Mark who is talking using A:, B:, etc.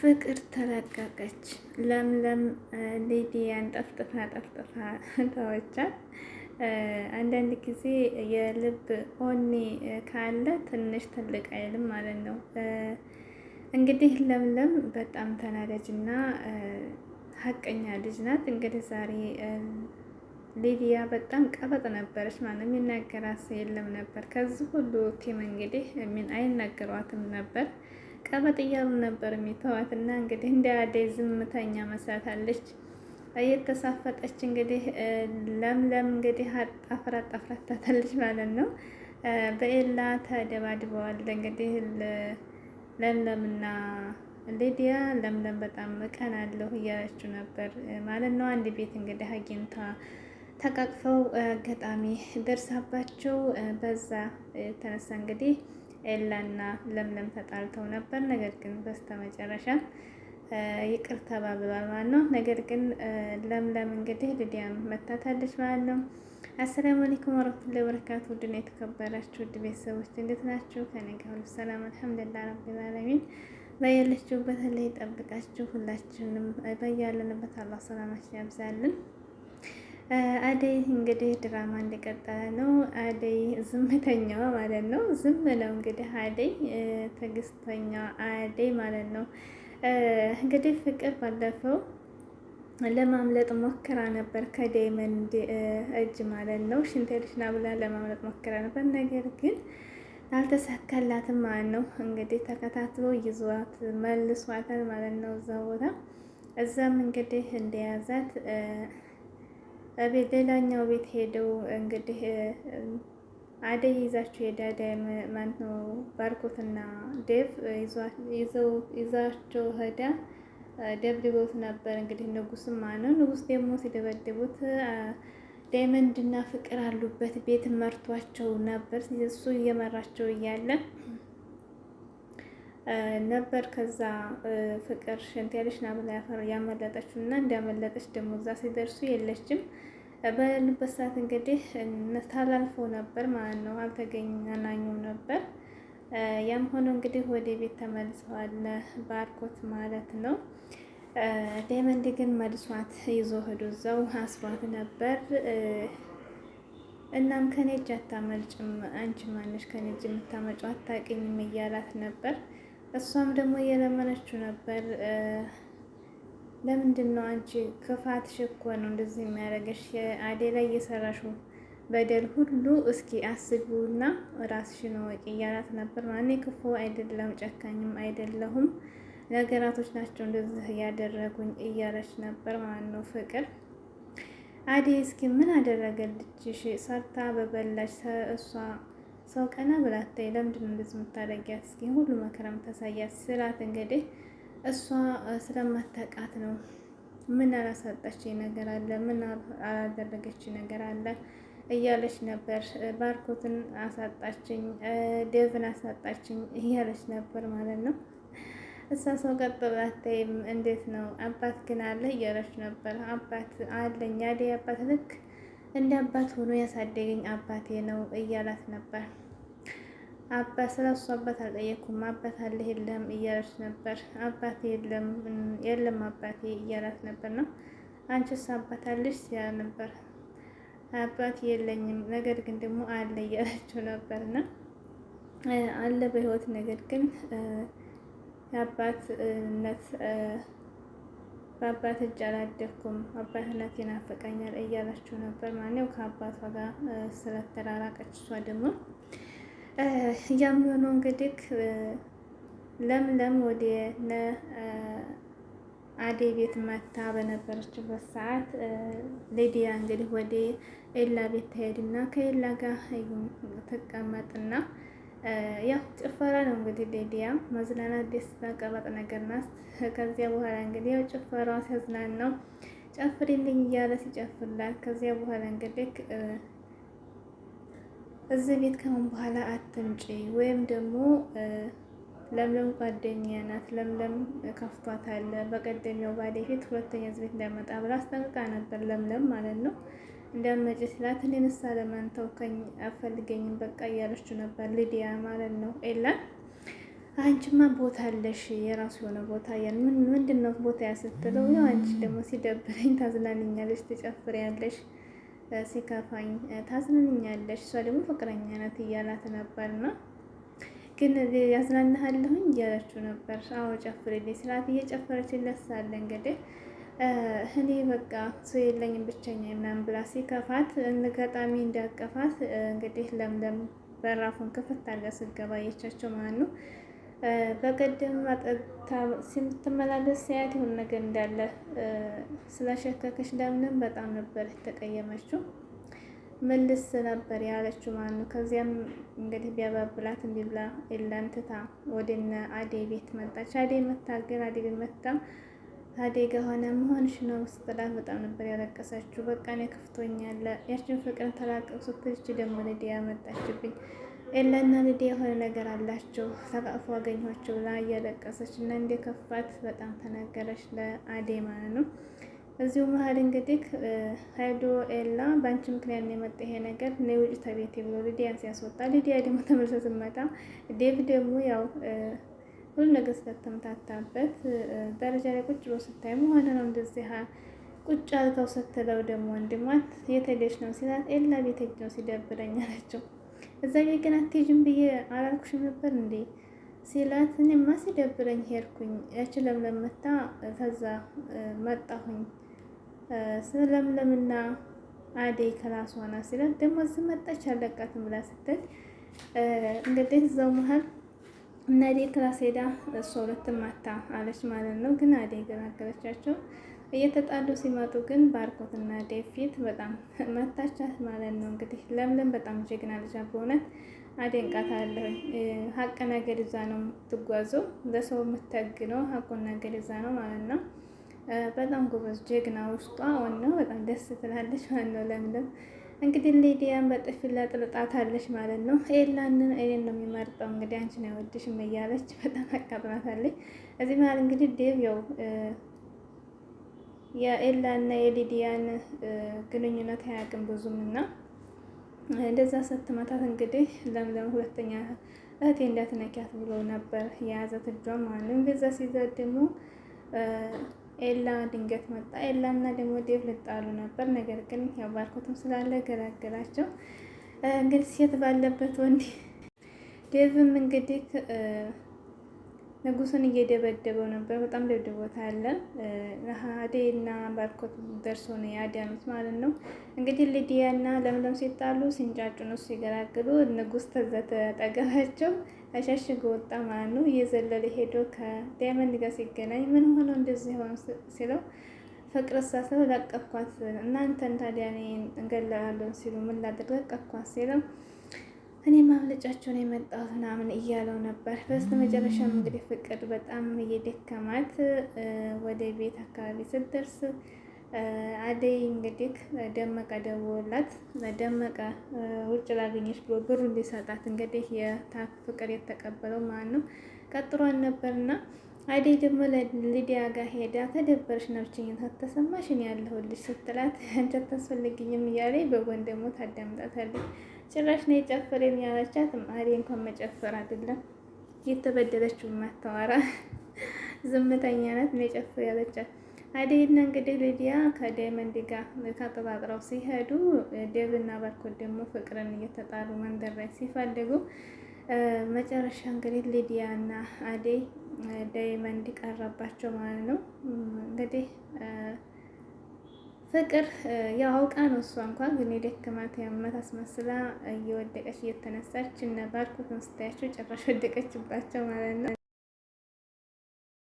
A: ፍቅር ተለቀቀች።
B: ለምለም ሊዲያን ጠፍጥፋ ጠፍጥፋ ተወቻት። አንዳንድ ጊዜ የልብ ኦኒ ካለ ትንሽ ትልቅ አይልም ማለት ነው። እንግዲህ ለምለም በጣም ተናዳጅ እና ሀቀኛ ልጅ ናት። እንግዲህ ዛሬ ሊዲያ በጣም ቀበጥ ነበረች ማለት ነው። የሚናገራት የለም ነበር። ከዚህ ሁሉ ቲም እንግዲህ አይናገሯትም ነበር ቀበጥ እያሉ ነበር የሚተዋት እና እንግዲህ እንደ አደይ ዝምተኛ መስላታለች። እየተሳፈጠች እንግዲህ ለምለም እንግዲህ አጣፍራ አጣፍራ ታታለች ማለት ነው። በኤላ ተደባድበዋል እንግዲህ ለምለምና ሊዲያ ለምለም በጣም እቀናለሁ እያለች ነበር ማለት ነው። አንድ ቤት እንግዲህ አግኝታ ተቃቅፈው አጋጣሚ ደርሳባቸው በዛ የተነሳ እንግዲህ ኤላና ለምለም ተጣልተው ነበር። ነገር ግን በስተመጨረሻ ይቅር ተባብሏል ማለት ነው። ነገር ግን ለምለም እንግዲህ ልዲያም መታታለች ማለት ነው። አሰላሙ አለይኩም ወረህመቱላሂ ወበረካቱ። ውድና የተከበራችሁ ውድ ቤተሰቦች እንዴት ናችሁ? ከኔ ጋር ሁሉ ሰላም አልሐምዱሊላህ ረቢል ዓለሚን። በያለችሁበት ላይ ይጠብቃችሁ። ሁላችንም በያለንበት አላህ ሰላማችን ያብዛልን። አደይ እንግዲህ ድራማ እንደቀጠለ ነው። አደይ ዝምተኛዋ ማለት ነው። ዝም ነው እንግዲህ አደይ ትዕግስተኛ አደይ ማለት ነው። እንግዲህ ፍቅር ባለፈው ለማምለጥ ሞክራ ነበር ከዳይመንድ እጅ ማለት ነው። ሽንቴልሽና ብላ ለማምለጥ ሞክራ ነበር፣ ነገር ግን አልተሳካላትም ማለት ነው። እንግዲህ ተከታትሎ ይዟት መልሷታል ማለት ነው። እዛ ቦታ እዛም እንግዲህ እንደያዛት ቤት ሌላኛው ቤት ሄደው እንግዲህ አደይ ይዛችሁ ሄደ። አደይ ማለት ነው ባርኮትና ዴቭ ይዛቸው ሄዳ ደብድበውት ነበር። እንግዲህ ንጉስም ማነው ንጉስ ደግሞ ሲደበድቡት ዳይመንድና ፍቅር አሉበት ቤት መርቷቸው ነበር። እሱ እየመራቸው እያለ ነበር። ከዛ ፍቅር ሽንት ያለች ና ብላ ያመለጠችው እና እንዲያመለጠች ደግሞ እዛ ሲደርሱ የለችም። በሌሉበት ሰዓት እንግዲህ ታላልፈው ነበር ማለት ነው። አልተገናኙም ነበር። ያም ሆኖ እንግዲህ ወደ ቤት ተመልሰዋል ባርኮት ማለት ነው። ዳይመንድ ግን መልሷት ይዞ ሄዶ እዛው አስሯት ነበር። እናም ከኔ እጅ አታመልጭም፣ አንቺ ማነሽ ከኔ እጅ የምታመጪው አታውቂኝም እያላት ነበር። እሷም ደግሞ እየለመነችው ነበር። ለምንድን ነው አንቺ ክፋትሽ እኮ ነው እንደዚህ የሚያደርግሽ አዴ ላይ እየሰራሽው በደል ሁሉ እስኪ አስቢውና ራስሽን ወቂ እያላት ነበር። ማኔ ክፉ አይደለም ጨካኝም አይደለሁም ነገራቶች ናቸው እንደዚህ እያደረጉኝ እያለች ነበር። ነው ፍቅር አዴ እስኪ ምን አደረገልችሽ? ሰርታ በበላች እሷ ሰው ቀና ብላ አታይ። ለምንድን ነው እንደዚህ የምታደርጊያት? እስኪ ሁሉ መከራም ታሳያት ስላት እንግዲህ እሷ ስለማታውቃት ነው። ምን አላሳጣች ነገር አለ፣ ምን አላደረገች ነገር አለ እያለች ነበር። ባርኮትን አሳጣችኝ፣ ዴቭን አሳጣችኝ እያለች ነበር ማለት ነው። እሷ ሰው ቀጥ ብላ እንዴት ነው አባት ግን አለ እያለች ነበር። አባት አለኝ ያዴ አባት ልክ እንደ አባት ሆኖ ያሳደገኝ አባቴ ነው እያላት ነበር። አባ ስለ እሱ አባት አልጠየኩም። አባት አለ የለም እያለች ነበር። አባቴ የለም የለም አባቴ እያላት ነበር ነው። አንቺስ አባት አለሽ ሲያ ነበር። አባት የለኝም ነገር ግን ደግሞ አለ እያለችው ነበር ና አለ በህይወት ነገር ግን የአባትነት በአባት እጅ አላደግኩም አባት እናት ይናፍቀኛል እያላችሁ ነበር። ማነው ከአባቷ ጋር ስለተራራቀች እሷ ደግሞ የሚሆነው እንግዲህ ለምለም ወደ እነ አዴ ቤት መታ በነበረችበት ሰዓት ሌዲያ እንግዲህ ወደ ኤላ ቤት ትሄድና ከኤላ ጋር ትቀመጥና ያው ጭፈራ ነው እንግዲህ ሊዲያም መዝናናት ደስታ ቀበጥ ነገር ናት። ከዚያ በኋላ እንግዲህ ያው ጭፈራዋ ሲያዝናን ነው ጨፍሪልኝ እያለ ሲጨፍርላት፣ ከዚያ በኋላ እንግዲህ እዚህ ቤት ከአሁን በኋላ አትምጪ ወይም ደግሞ ለምለም ጓደኛ ናት፣ ለምለም ከፍቷታል፣ በቀደሚያው ባሌ ፊት ሁለተኛ እዚህ ቤት እንዳይመጣ ብላ አስጠንቅቃ ነበር ለምለም ማለት ነው። እንዳመጨችላት እኔንሳ ለማን ተውከኝ አፈልገኝም በቃ እያለችው ነበር ሊዲያ ማለት ነው ኤላን አንቺማ ቦታ አለሽ የራሱ የሆነ ቦታ ያን ምን ምንድን ነው ቦታ ያሰተለው ነው። አንቺ ደግሞ ሲደብረኝ ታዝናንኛለሽ፣ ትጨፍሪያለሽ፣ ሲከፋኝ ታዝናንኛለሽ። እሷ ደግሞ ፍቅረኛ ናት እያላት ነበርና ግን ያዝናናሃለሁኝ እያለችው ነበር። አዎ ጨፍሪልኝ ስላት እየጨፈረችለት ሳለ እንግዲህ እኔ በቃ ሰው የለኝም ብቸኛ ምናምን ብላ ሲከፋት እንገጣሚ እንዳቀፋት እንግዲህ ለምለም በራፉን ክፍት አድርጋ ስገባ የቻቸው ማለት ነው። በቀደም ስትመላለስ ሲያት ይሁን ነገር እንዳለ ስለሸከከች ለምንም በጣም ነበር የተቀየመችው። መልስ ነበር ያለችው ማለት ነው። ከዚያም እንግዲህ ቢያባብላት እንዲብላ የለን ትታ ወደነ አዴ ቤት መጣች። አዴ መታገል አዴ ቤት መጣ ታዴጋ ሆነ መሆንሽ ነው ስትላት በጣም ነበር ያለቀሰችው። በቃ እኔ ከፍቶኛል ያችን ፍቅር ተላቀው ስትል እች ደግሞ ልዲያ መጣችብኝ። ኤላና ልዲያ የሆነ ነገር አላቸው ተቃቅፎ አገኘኋቸው ብላ እያለቀሰች እና እንደ ከፋት በጣም ተናገረች ለአዴ ማለት ነው። እዚሁ መሀል እንግዲህ ሄዶ ኤላ በአንቺ ምክንያት ነው የመጣ ይሄ ነገር እኔ ውጭ ተቤቴ ብሎ ልዲያን ሲያስወጣ፣ ልዲያ ደግሞ ተመልሶ ስትመጣ ዴቭ ደግሞ ያው ሁሉ ነገር ስለተምታታበት ደረጃ ላይ ቁጭ ብሎ ስታይ መሆነ ነው እንደዚህ ቁጭ አልተው ስትለው ደግሞ ወንድሟት የተሄደች ነው ሲላት፣ ኤላ ቤተጅ ነው ሲደብረኝ አለችው። እዛ ቤት ግን አትሄጂም ብዬ አላልኩሽም ነበር እንዴ ሲላት፣ እኔማ ሲደብረኝ ሄድኩኝ ያቺ ለምለም መታ ከዛ መጣሁኝ ስለምለምና አደይ ከላስ ሆና ሲላት፣ ደግሞ እዚህ መጣች አለቃትም ብላ ስትል እንግዲህ እዛው መሀል እና አዴ ክላስ ሄዳ እሷ ሁለትም ማታ አለች ማለት ነው። ግን አዴ ግን አገረቻቸው። እየተጣሉ ሲመጡ ግን ባርኮትና ዴ ፊት በጣም መታቻት ማለት ነው። እንግዲህ ለምለም በጣም ጀግና ልጃ በእውነት አደንቃታለሁ። ሀቅና ገሪዛ ነው የምትጓዘው፣ ለሰው ነው፣ ሀቁን ሀቁና ገሪዛ ነው ማለት ነው። በጣም ጎበዝ ጀግና፣ ውስጧ ዋናው በጣም ደስ ትላለች ማለት ነው ለምለም እንግዲህ ሊዲያን በጥፊ ላጥልጣታለች ማለት ነው። ኤላንን እኔን ነው የሚመርጠው እንግዲህ አንቺን አይወድሽም እያለች በጣም አቃጥናታለች። እዚህ መሀል እንግዲህ ዴቭ ያው የኤላና የሊዲያን ግንኙነት አያውቅም ብዙም እና እንደዛ ስትመታት እንግዲህ ለምለም ሁለተኛ እህቴ እንዳትነኪያት ብሎ ነበር የያዘት እጇን ማለት ነው። እንደዛ ሲዛት ደግሞ ኤላ ድንገት መጣ። ኤላና ደግሞ ዴቭ ልጣሉ ነበር። ነገር ግን ያው ባርኮትም ስላለ ገላገላቸው። እንግዲህ ሴት ባለበት ወንድ ዴቭም እንግዲህ ንጉሱን እየደበደበው ነበር። በጣም ደብድቦታ ያለ አደይ እና ባርኮት ደርሶ ነው ያዳኑት ማለት ነው። እንግዲህ ልዲያ እና ለምለም ሲጣሉ ሲንጫጩ ነው ሲገላግሉ፣ ንጉስ ተዛ ተጠገባቸው አሻሽጎ ወጣ ማለት ነው። እየዘለለ ሄዶ ከዳይመንድ ጋር ሲገናኝ ምን ሆነው እንደዚህ ሆኑ ሲለው ፍቅር ሳሰብ ለቀኳት እናንተን ታዲያ እኔ እንገላለሁ ሲሉ ምን ላድርግ ለቀኳት ሲለው እኔ ማምለጫቸውን የመጣሁት ምናምን እያለው ነበር። በስተ መጨረሻም እንግዲህ ፍቅር በጣም እየደከማት ወደ ቤት አካባቢ ስትደርስ አደይ እንግዲህ ደመቀ ደወላት። ደመቀ ውጭ ላገኘች ብሎ ብሩ እንዲሰጣት እንግዲህ የታክ ፍቅር የተቀበለው ማን ነው ቀጥሯን ነበርና አደይ ደግሞ ለሊዲያ ጋር ሄዳ ተደበረሽ ነው ብቸኝነት ተሰማሽን ያለሁልሽ ስትላት አንቺ አታስፈልግኝም እያለኝ በጎን ደግሞ ታዳምጣታለች። ጭራሽ ነው የጨፈር ያለቻት ማሪ እንኳን መጨፈር አይደለም የተበደለችው ማታወራ ዝምተኛ ናት። ነው የጨፈር ያለቻት አደይና እንግዲህ ሊዲያ ከዳይመንድ ጋር ተጠራጥረው ሲሄዱ ደብና ባርኮት ደግሞ ፍቅርን እየተጣሉ መንገድ ላይ ሲፈልጉ መጨረሻ እንግዲህ ሊዲያና አደይ ዳይመንድ ቀረባቸው ማለት ነው እንግዲህ ፍቅር ያው አውቃ ነው እሷ እንኳን ግን የደከማት ያመት አስመስላ እየወደቀች እየተነሳች እነ ባርኮትን ስታያቸው ጭራሽ ወደቀችባቸው ማለት ነው።